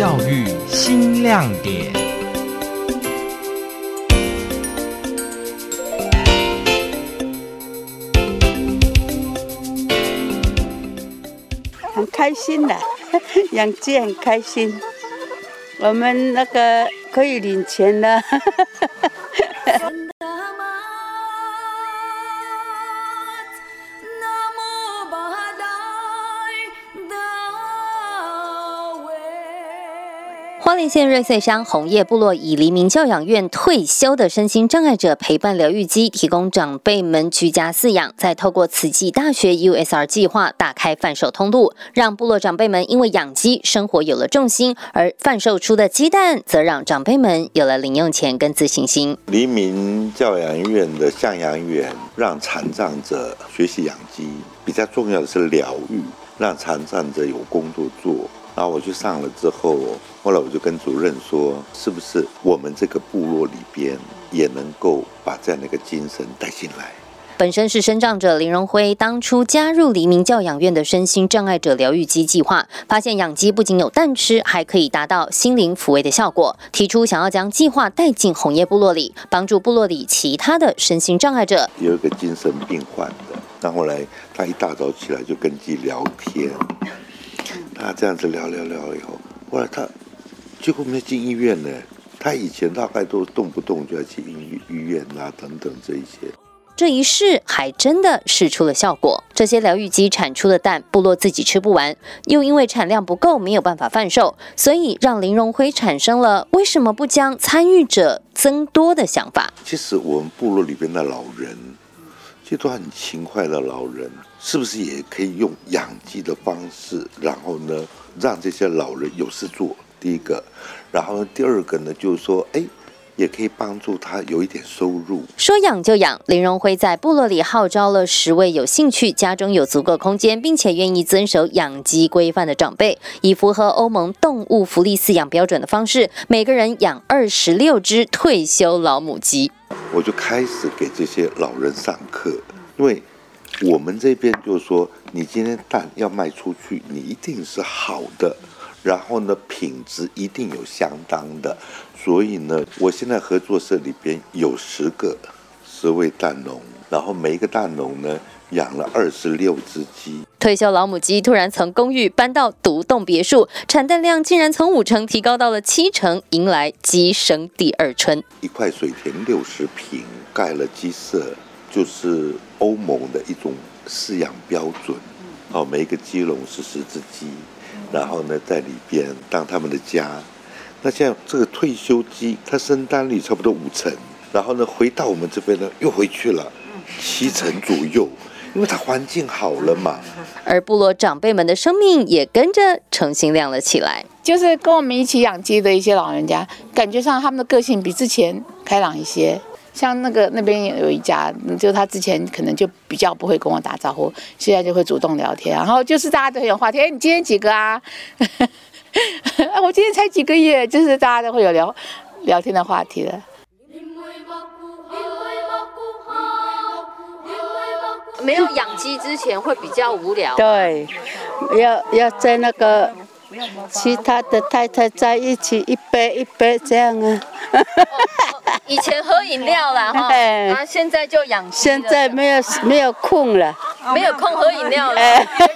教育新亮點，很開心的、啊，養雞很開心，我們那個可以領錢的。 花蓮縣瑞穗鄉紅葉部落，以黎明教養院退休的身心障礙者陪伴療癒雞，提供長輩們居家飼養，再透過慈濟大學 USR 計劃，打開販售通路，讓部落長輩們因為養雞，生活有了重心，而販售出的雞蛋則讓長輩們有了零用錢跟自信心。黎明教養院的向陽院讓殘障者學習養雞，比較重要的是療癒，讓殘障者有工作做。然後我就上了之後，後來我就跟主任說，是不是我們這個部落裡邊也能夠把這樣的一個精神帶進來？本身是身障者林榮輝，當初加入黎明教養院的身心障礙者療癒雞計劃，發現養雞不僅有蛋吃，還可以達到心靈撫慰的效果，提出想要將計劃帶進紅葉部落裡，幫助部落裡其他的身心障礙者。有一個精神病患的，但後來他一大早起來就跟雞聊天。那這樣子聊聊聊以後，後來他幾乎沒進醫院呢。他以前大概都動不動就要去醫醫院啊，等等這一些。這一試還真的試出了效果。這些療癒雞產出的蛋，部落自己吃不完，又因為產量不夠，沒有辦法販售，所以讓林榮輝產生了為什麼不將參與者增多的想法。其實我們部落裡邊的老人，這都很勤快的老人。是不是也可以用養雞的方式，然後呢，讓這些老人有事做？第一個，然後第二個呢，就是說，誒、哎，也可以幫助他有一點收入。說養就養，林榮輝在部落裡號召了十位有興趣、家中有足夠空間，並且願意遵守養雞規範的長輩，以符合歐盟動物福利飼養標準的方式，每個人養二十六只退休老母雞。我就開始給這些老人上課，因為。我們這邊就說，你今天蛋要賣出去，你一定是好的，然後呢，品質一定有相當的，所以呢，我現在合作社裡邊有十個十位蛋農，然後每一個蛋農呢，養了二十六隻雞。退休老母雞突然從公寓搬到獨棟別墅，產蛋量竟然從五成提高到了七成，迎來雞生第二春。一塊水田六十平，蓋了雞舍。就是歐盟的一種飼養標準，哦，每一個雞籠是十隻雞，然後呢，在裡邊當他們的家。那像這個退休雞，它生蛋率差不多五成，然後呢，回到我們這邊呢，又回去了七成左右，因為它環境好了嘛。而部落長輩們的生命也跟着重新亮了起來，就是跟我們一起養雞的一些老人家，感覺上他們的個性比之前開朗一些。像那個那邊有有一家，就他之前可能就比較不會跟我打招呼，現在就會主動聊天，然後就是大家都有話題。哎、欸，你今天幾個啊？ 我今天才幾個月，就是大家都會有聊聊天的話題的。沒有養雞之前會比較無聊。對，要要在那個。其他的太太在一起，一杯一杯這樣啊。哦，以前喝飲料了哈， 然後現在就養。現在沒有沒有空了，沒有空喝飲料了。哎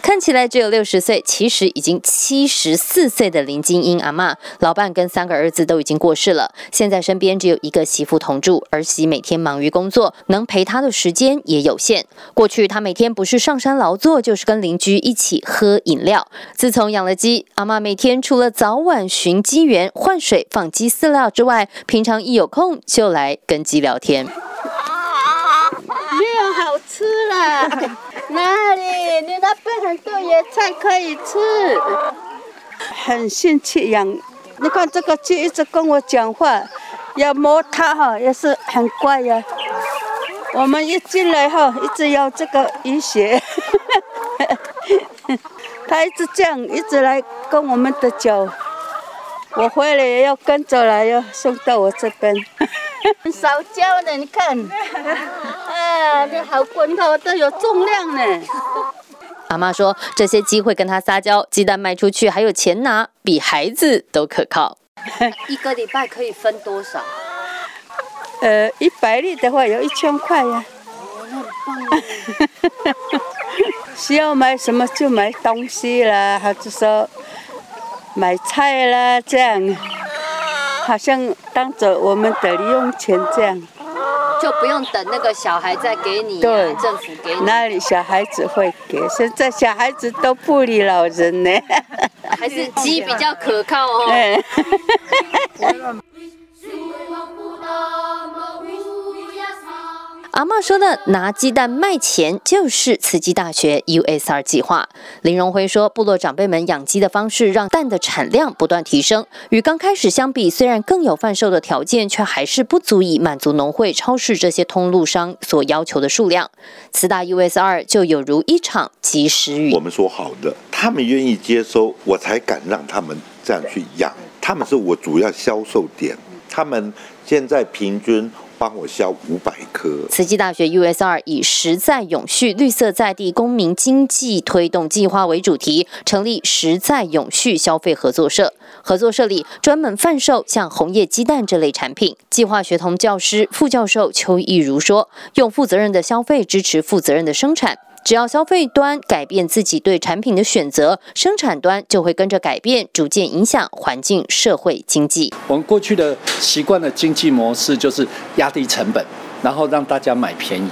看起來只有六十歲，其實已經七十四歲的林金英阿嬤，老伴跟三個兒子都已經過世了，現在身邊只有一個媳婦同住，兒媳每天忙於工作，能陪她的時間也有限。過去她每天不是上山勞作，就是跟鄰居一起喝飲料。自從養了雞，阿嬤每天除了早晚巡雞園，換水、放雞飼料之外，平常一有空就來跟雞聊天。又好吃啦！ 那裡，你那邊很多野菜可以吃，很興趣養。你看這個雞一直跟我講話，要摸它哈，也是很乖呀、啊。我們一進來哈，一直要這個雨鞋，它 一直這樣，一直來跟我們的腳。我回來也要跟着來，要送到我這邊。 很撒嬌的，你看。啊、哎，這好滾頭都這有重量呢。阿、啊、媽說這些雞會跟她撒嬌，雞蛋賣出去還有錢拿，比孩子都可靠。一個禮拜可以分多少？呃，一百粒的話有一千塊呀、啊。棒 需要買什麼就買東西啦，還是說買菜啦？這樣，好像當作我們的零用錢這樣。就不用等那個小孩再給你、啊對，政府給你，哪裡小孩子會給。現在小孩子都不理老人呢，還是雞比較可靠哦。 阿嬤說的拿雞蛋賣錢就是慈濟大學 USR 計劃。林榮輝說，部落長輩們養雞的方式讓蛋的產量不斷提升。與剛開始相比，雖然更有販售的條件，卻還是不足以滿足農會、超市這些通路商所要求的數量。慈大 USR 就有如一場及時雨。我們說好的，他們願意接收，我才敢讓他們這樣去養。他們是我主要銷售點。他們現在平均，幫我銷五百顆。慈濟大學 USR 以“實在永續、綠色在地、公民經濟推動計劃”為主題，成立實在永續消費合作社。合作社裡專門販售像紅葉雞蛋這類產品。計劃學童教師副教授邱義如說：“用負責任的消費支持負責任的生產。”只要消費端改變自己對產品的選擇，生產端就會跟着改變，逐漸影響環境、社會、經濟。我們過去的習慣的經濟模式就是壓低成本，然後讓大家買便宜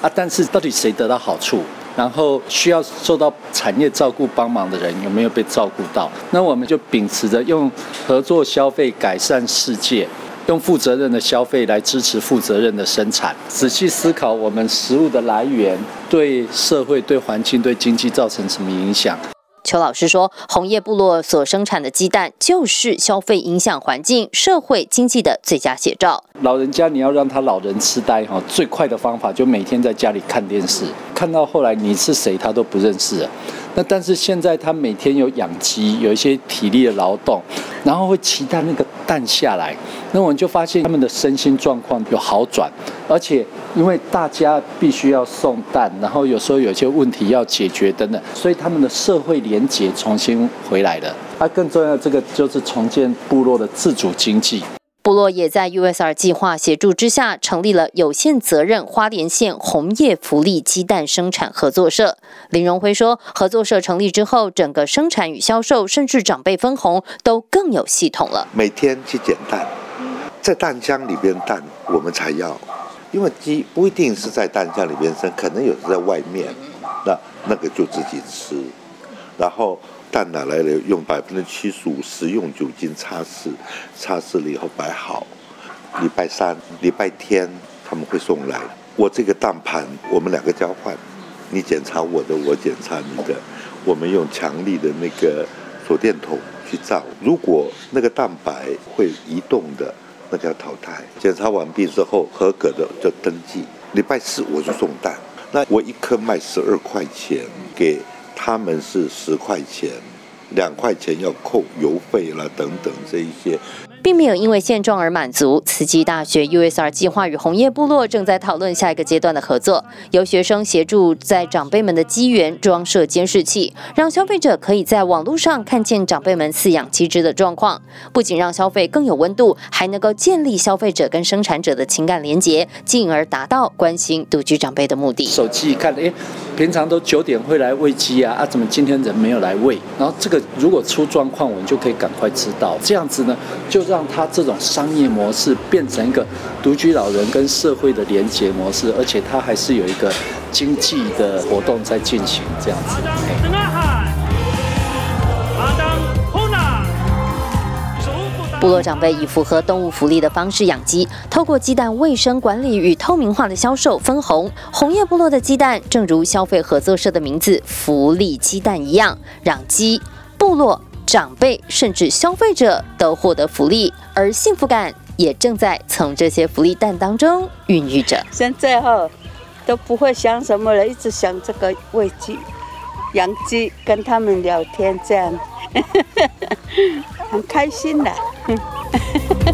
啊！但是到底誰得到好處？然後需要受到產業照顧幫忙的人有沒有被照顧到？那我們就秉持着用合作消費改善世界。用負責任的消費來支持負責任的生產，仔細思考我們食物的來源對社會、對環境、對經濟造成什麼影響。邱老師說，紅葉部落所生產的雞蛋就是消費影響環境、社會、經濟的最佳寫照。老人家，你要讓他老人痴呆哈，最快的方法就每天在家裡看電視，看到後來你是誰他都不認識那但是現在他每天有養雞，有一些體力的勞動，然後會期待那個蛋下來。那我們就發現他們的身心狀況有好轉，而且因為大家必須要送蛋，然後有時候有些問題要解決等等，所以他們的社會聯結重新回來了。那、啊、更重要的這個就是重建部落的自主經濟。部落也在 USR 計劃協助之下成立了有限責任花蓮縣紅葉福利雞蛋生產合作社。林榮輝說，合作社成立之後，整個生產與銷售，甚至長輩分紅，都更有系統了。每天去撿蛋，在蛋箱裡邊蛋我們才要，因為雞不一定是在蛋箱裡邊生，可能有時在外面，那那個就自己吃，然後。蛋拿來了，用百分之七十五食用酒精擦拭，擦拭了以後擺好。禮拜三、禮拜天他們會送來。我這個蛋盤我們兩個交換，你檢查我的，我檢查你的。我們用強力的那個手電筒去照，如果那個蛋白會移動的，那叫淘汰。檢查完畢之後，合格的就登記。禮拜四我就送蛋，那我一顆賣十二塊錢給。他們是十塊錢，兩塊錢要扣郵費了，等等這一些。並沒有因為現狀而滿足。慈濟大學 USR 計劃與紅葉部落正在討論下一個階段的合作，由學生協助在長輩們的雞園裝設監視器，讓消費者可以在網絡上看見長輩們飼養雞只的狀況，不僅讓消費更有溫度，還能夠建立消費者跟生產者的情感連結，進而達到關心獨居長輩的目的。手機一看，誒，平常都九點會來餵雞啊，啊，怎麼今天人沒有來餵？然後這個如果出狀況，我們就可以趕快知道。這樣子呢，就。讓他這種商業模式變成一個獨居老人跟社會的連接模式，而且他還是有一個經濟的活動在進行這樣子。部落長輩以符合動物福利的方式養雞，透過雞蛋衛生管理與透明化的銷售分紅，紅葉部落的雞蛋，正如消費合作社的名字“福利雞蛋”一樣，讓雞部落。長輩甚至消費者都獲得福利，而幸福感也正在從這些福利蛋當中孕育着。現在後、哦、都不會想什麼了，一直想這個餵雞、養雞，跟他們聊天這樣， 很開心的、啊。